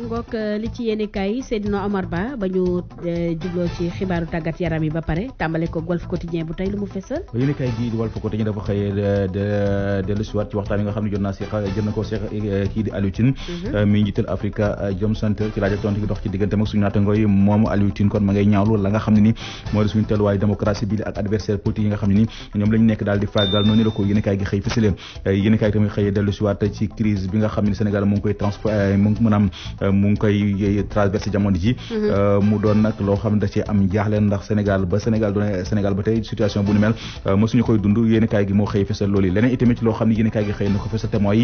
ngook euh, li ci yéene kaay Seydina Omar Ba ba ñu euh, jubloo ci xibaaru tàggat yaram yi ba pare tàmbale ko Walf Quotidien bu tey lu mu fesal yéene kaay gii euh, waxtaan yi nga xam ne jot na koo seq kii di Aliou Tine mhm. mi njiital Africa Jom Center ci laaj ak tontu gi dox ci diggante mag suñu naatango yi moom Aliou kon ma ñaawlu la nga xam ne ni moo di suñu teluwaay démocratie bi ak adversaire politique yi nga xam ni ñoom lañu nekk daal di faagaal noonu la ko yéene kaay gi xëy fësale yéene tamit xëyee dellu ci crise bi nga xam ne Sénégal mu ngi koy euh, traversé jamono ji mhm. euh, mu doon nag loo xam ne da ci am jaaxle ndax Sénégal ba Sénégal doon euh, Sénégal ba tey situation bu ni mel mosuñu koy dund yéen kaay gi moo xëy fesal loolu yi leneen mooy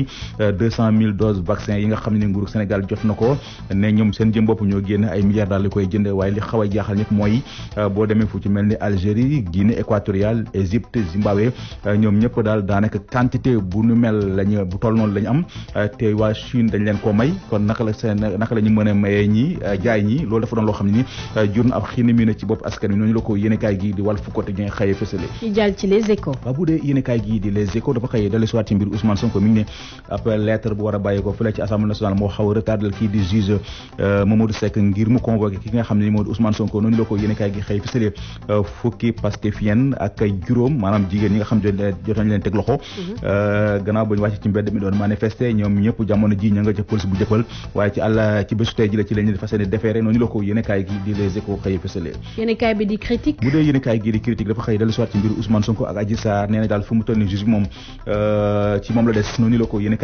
yi nga xam ne nguuru Sénégal jot na ko ne ñoom seen jëm bopp ñoo génn ay milliards daal li koy jënde waaye li xaw a jaaxal ñëpp mooy boo demee fu ci mel ni Algérie Guinée équatoriale Égypte Zimbabwe ñoom ñëpp daal daanaka quantité bu nu mel lañu bu toll noonu la ñu am te waa Chine dañ leen koo may naka la mën a mayee ñi euh, jaay ñi loolu dafa doon loo xam ni euh, jur na ab xiina mi ci bopp askan wi noonu la ko yéenekaay gi di wàll fu côté ñooy xëyee fësale a euh, juróom maanaam jigéen ñi nga xam jotoon leen teg loxo mhm. gannaaw ba ñu ci mbedd mi doon manifesté ñoom ñëpp jamono ji ña nga police bu jëppal waaye ci àll allah ci bésu tey ji ci la ñu fas defeere noonu la ko yéene gi di les échos xëy fësalee yéene kaay bi di critique bu dee yéene gi di critique ko yéene kaay gi a noonu la ko euh, yéene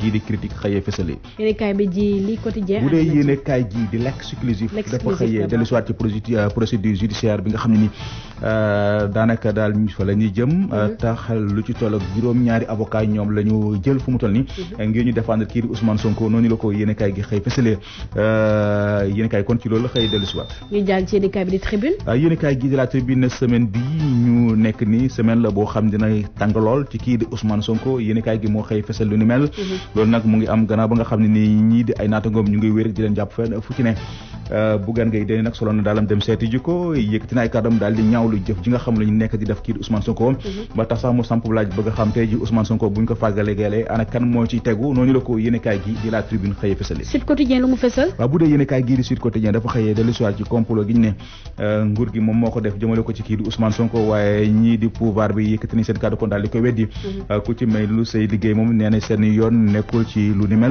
gi di critique xëy fësalee sële yéen kaay bu dee yéen ji di l'exclusif dafa xëyee dellu ci euh, procédure judiciaire bi nga xam ni euh, daanaka daal fa la ñuy jëm mm-hmm. euh, tax lu ci toll ak juróom-ñaari avocat ñoom la ñu jël fu mu toll ni mm-hmm. ngir ñu défendre kii di Ousmane Sonko noonu la ko yéen kaay gi si waat ñu jàll ci yéen bi di tribune yéen kaay gi tribune semaine bi ñu nekk ni semaine la boo xam dina tàng lool ci kii di Ousmane Sonko yéen kaay gi moo xëy fësal lu ni mel mm-hmm. loolu nag mu ginnaaw ba nga xam ne ñii di ay naatangoom ñu ngi wér jàpp fenn ne euh, Bougane Gueye Dany nag solo na daalam dem seeti ji ko yëkkati na ay kàddam daal jëf ji nga xam nekk di def kii di mhm. a di xëyee fësale Sud Quotidien lu mu fësal waaw bu dee yéenekaay gi di Sud Quotidien dafa xëyee dellu ci complot gi ñu ne euh, nguur gi moom moo ko def jëmale ko ci kii di Ousmane Sonko waaye ñii di pouvoir bi yëkkati seen kàddu kon daal di koy weddi mhm. euh, ku ci may lu say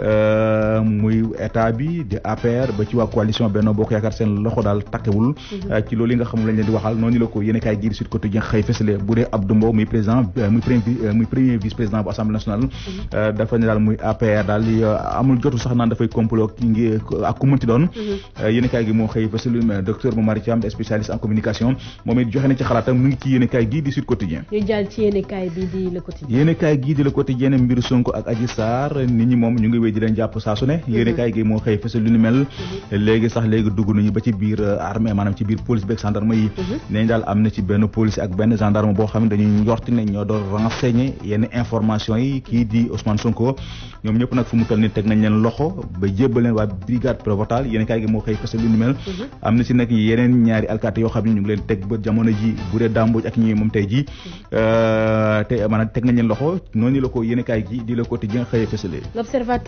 Euh, muy état bi di APR ba ci waa coalition Benno Bokk Yaakaar seen loxo daal takkewul mhm. euh, ci loolu nga xam lañ di waxal noonu la ko yéen a kaay Quotidien xëy fësale bu euh, mhm. a mhm. kaay gi a Quotidien ñu a a Sonko ak Adji Sarr nit ñi moom wéy di leen jàpp saa su ne mhm. yéen kaay gi moo xëy fësal lu ni mel mhm. léegi sax léegi dugg nañu ba ci biir euh, armée maanaam ci biir police mhm. na ci benn police ak benn gendarme boo xam ne dañuy njorti ne ñoo doon renseigner yenn information yi kii di Ousmane Sonko ñoom ñëpp nag fu mu toll nii teg nañ leen loxo ba jébbal leen waa brigade prévôtale yéen kaay gi moo xëy fësal lu ni mel am na ci nag yeneen ñaari alkaati yoo xam ne ñu ngi leen teg ba jamono ji bu dee dàmbuj ak ñi moom tey ji euh, te maanaam teg nañ leen loxo noonu la ko yéen gi di la côté ji nga xëy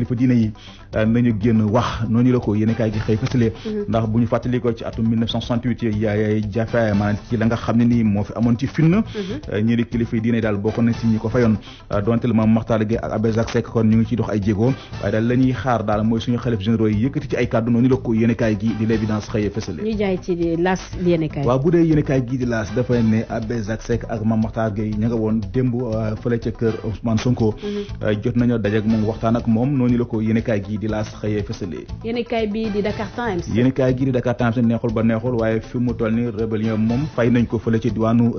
kilifa diine yi euh, nañu génn wax noonu la ko gi xëy fësale mm-hmm. ndax bu ñu ci atum 1968 yaay jafe maanaam ci la xam ne nii moo fi amoon ci finn mm-hmm. euh, ñii di kilifa diine yi daal bokk na si ko fayoon euh, donte le Maxtaar Gueye ak Abbé Jacques ak maam Maxtaar Gueye ña woon démb fële ca Sonko mm-hmm. jot nañoo dajeek moom waxtaan moom noonu la ko yéenekaay gii di laas xëyee fësalee yéenekaay bi di Dakar Times yéenekaay gii di Dakar Times neexul ba ci diwaanu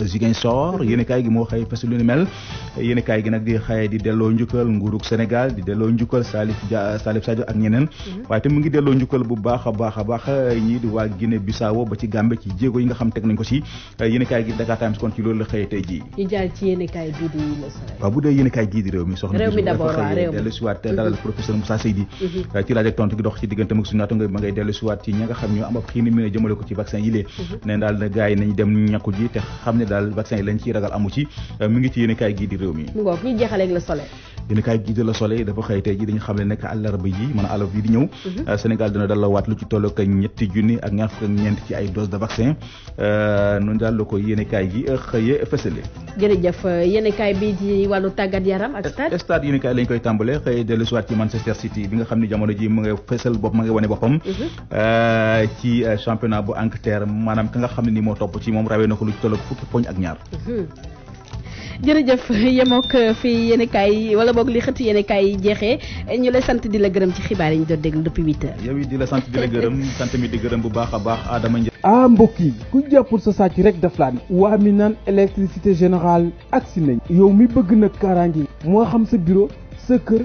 xëyee di delloo njukkal nguurug Sénégal di delloo mhm. a a baax ñii di waa yi nga xam teg nañ ko si yéenekaay gi Dakar bu dee yéenekaay gii di réew mi soxna professeur Moussa Seydi mhm. ci laaj ak tontu gi dox ci ma ngay dellu siwaat ci ñi xam ñoo am xiini mi ne jëmale ko ci vaccin yi mhm. ne daal na gars yi dem ñàkku ji te xam ne daal vaccin yi lañ ciy ragal amu ci euh, mi ngi ci yéen kaay gii réew mi yéen kaay gii de la Soleil dafa xëy tey ji dañu xam ne nekk àllarba yi mën a àllarba bi di ñëw mhm. euh, Sénégal dina dalawaat lu ci toll ak ñetti junni ak ñaar fukk ak ñeent ci ay dose de vaccin euh, kaay euh, bi di wàllu tàggat yaram ak stade stade yéen kaay lañ koy tàmbalee xëy dellu siwaat ci Manchester City bi nga xam ne jamono ji mu ngi fësal bopp ma ngi wane boppam mhm. ci championnat bu Angleterre maanaam ka nga xam ne ni moo topp ci moom rawee na ko lu ci toll fukki jërëjëf yemook euh, fi yéen kaay wala boog li xëti yéen kaay yi jeexee ñu la sant di la gërëm ci xibaar yi ñu doon déglu depuis huit heures. yow it di la sant di la gërëm sant mi di gërëm bu baax a baax Adama Ndiaye. ah mbokk yi ku jàppul sa sàcc rek daf laan. waa mi naan général ak si nañ. yow mi bëgg nag kaaraange moo xam sa bureau sa kër.